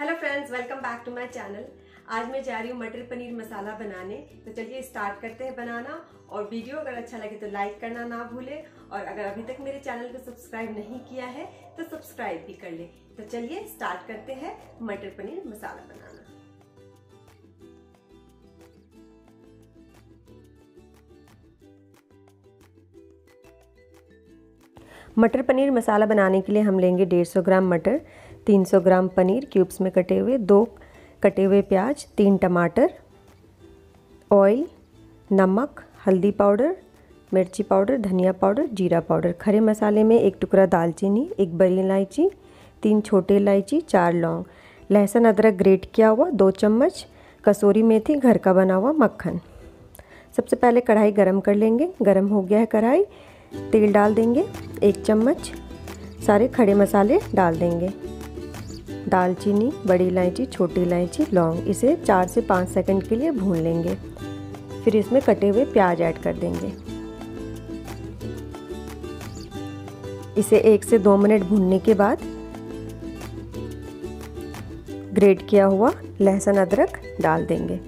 hello friends welcome back to my channel आज मैं जा रही हूँ मटर पनीर मसाला बनाने तो चलिए स्टार्ट करते हैं बनाना और वीडियो अगर अच्छा लगे तो लाइक करना ना भूले और अगर अभी तक मेरे चैनल को सब्सक्राइब नहीं किया है तो सब्सक्राइब भी कर ले तो चलिए स्टार्ट करते हैं मटर पनीर मसाला बनाना मटर पनीर मसाला बनाने के लिए हम लेंगे 150 ग्राम मटर 300 ग्राम पनीर क्यूब्स में कटे हुए दो कटे हुए प्याज तीन टमाटर ऑयल नमक हल्दी पाउडर मिर्ची पाउडर धनिया पाउडर जीरा पाउडर खरे मसाले में एक टुकड़ा दालचीनी एक बड़ी इलायची तीन छोटे इलायची चार लौंग लहसुन अदरक ग्रेट किया हुआ दो चम्मच कसूरी मेथी घर का बना हुआ मक्खन सबसे पहले कढ़ाई गरम कर लेंगे गरम हो गया है कढ़ाई तेल डाल देंगे एक चम्मच सारे खड़े मसाले डाल देंगे दालचीनी बड़ी इलायची छोटी इलायची लौंग इसे चार से पाँच सेकंड के लिए भून लेंगे फिर इसमें कटे हुए प्याज ऐड कर देंगे इसे एक से दो मिनट भूनने के बाद ग्रेट किया हुआ लहसुन अदरक डाल देंगे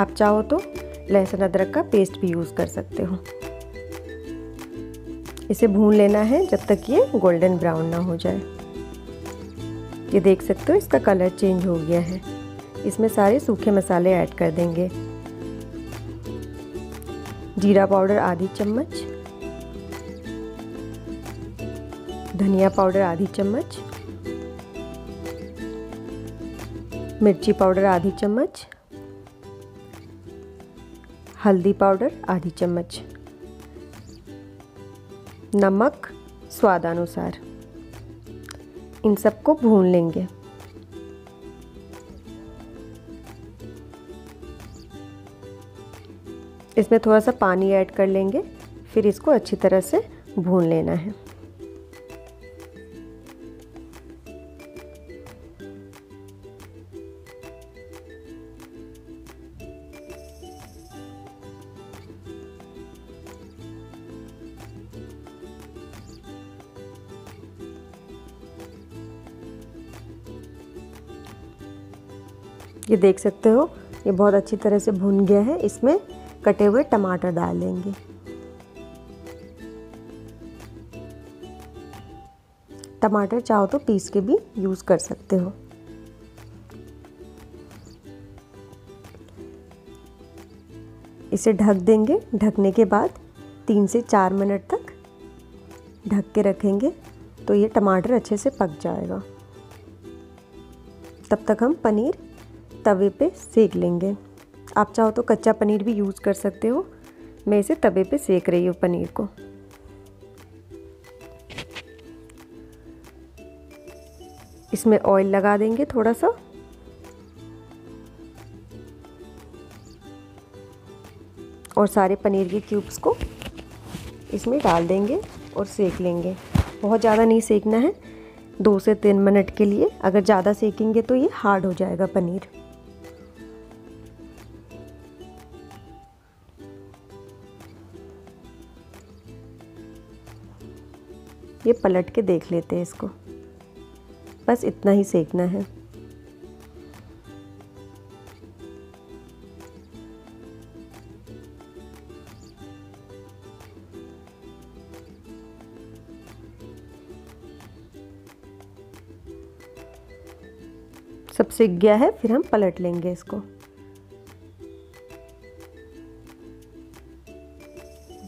आप चाहो तो लहसुन अदरक का पेस्ट भी यूज़ कर सकते हो इसे भून लेना है जब तक ये गोल्डन ब्राउन ना हो जाए ये देख सकते हो इसका कलर चेंज हो गया है इसमें सारे सूखे मसाले ऐड कर देंगे जीरा पाउडर आधी चम्मच धनिया पाउडर आधी चम्मच मिर्ची पाउडर आधी चम्मच हल्दी पाउडर आधी चम्मच नमक स्वादानुसार इन सबको भून लेंगे इसमें थोड़ा सा पानी ऐड कर लेंगे फिर इसको अच्छी तरह से भून लेना है ये देख सकते हो ये बहुत अच्छी तरह से भुन गया है इसमें कटे हुए टमाटर डाल देंगे टमाटर चाहो तो पीस के भी यूज़ कर सकते हो इसे ढक देंगे ढकने के बाद तीन से चार मिनट तक ढक के रखेंगे तो ये टमाटर अच्छे से पक जाएगा तब तक हम पनीर तवे पे सेक लेंगे आप चाहो तो कच्चा पनीर भी यूज़ कर सकते हो मैं इसे तवे पे सेक रही हूँ पनीर को इसमें ऑयल लगा देंगे थोड़ा सा और सारे पनीर के क्यूब्स को इसमें डाल देंगे और सेक लेंगे बहुत ज़्यादा नहीं सेकना है दो से तीन मिनट के लिए अगर ज़्यादा सेकेंगे तो ये हार्ड हो जाएगा पनीर ये पलट के देख लेते हैं इसको बस इतना ही सेकना है सब सीख गया है फिर हम पलट लेंगे इसको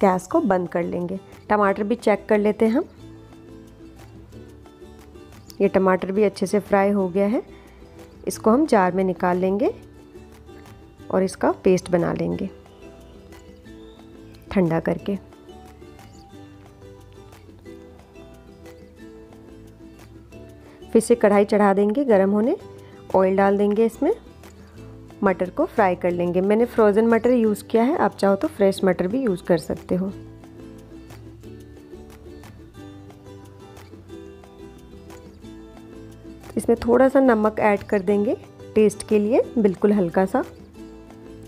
गैस को बंद कर लेंगे टमाटर भी चेक कर लेते हैं हम ये टमाटर भी अच्छे से फ्राई हो गया है इसको हम जार में निकाल लेंगे और इसका पेस्ट बना लेंगे ठंडा करके फिर से कढ़ाई चढ़ा देंगे गरम होने ऑयल डाल देंगे इसमें मटर को फ्राई कर लेंगे मैंने फ्रोज़न मटर यूज़ किया है आप चाहो तो फ्रेश मटर भी यूज़ कर सकते हो इसमें थोड़ा सा नमक ऐड कर देंगे टेस्ट के लिए बिल्कुल हल्का सा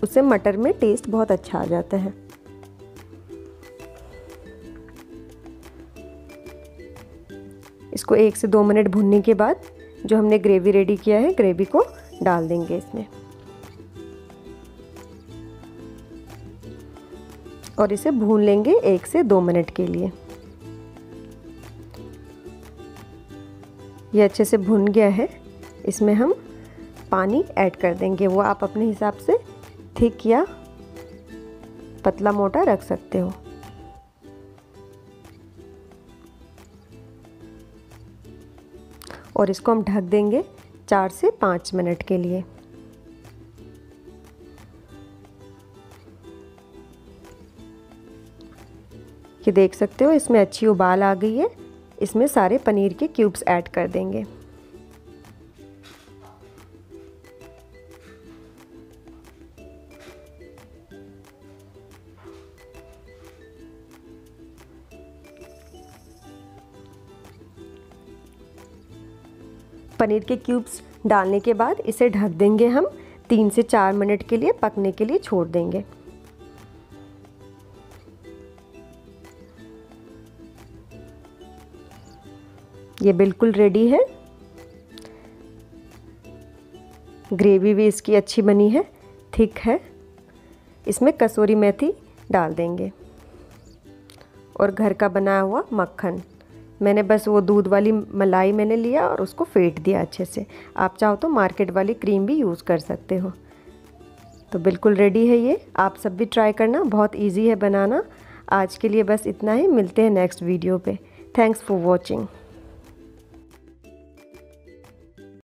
उससे मटर में टेस्ट बहुत अच्छा आ जाता है इसको एक से दो मिनट भूनने के बाद जो हमने ग्रेवी रेडी किया है ग्रेवी को डाल देंगे इसमें और इसे भून लेंगे एक से दो मिनट के लिए ये अच्छे से भुन गया है इसमें हम पानी ऐड कर देंगे वो आप अपने हिसाब से थिक या पतला मोटा रख सकते हो और इसको हम ढक देंगे चार से पाँच मिनट के लिए ये देख सकते हो इसमें अच्छी उबाल आ गई है इसमें सारे पनीर के क्यूब्स ऐड कर देंगे पनीर के क्यूब्स डालने के बाद इसे ढक देंगे हम तीन से चार मिनट के लिए पकने के लिए छोड़ देंगे ये बिल्कुल रेडी है ग्रेवी भी इसकी अच्छी बनी है थिक है इसमें कसूरी मेथी डाल देंगे और घर का बनाया हुआ मक्खन मैंने बस वो दूध वाली मलाई मैंने लिया और उसको फेंट दिया अच्छे से आप चाहो तो मार्केट वाली क्रीम भी यूज़ कर सकते हो तो बिल्कुल रेडी है ये आप सब भी ट्राई करना बहुत इजी है बनाना आज के लिए बस इतना ही मिलते हैं नेक्स्ट वीडियो पे थैंक्स फॉर वॉचिंग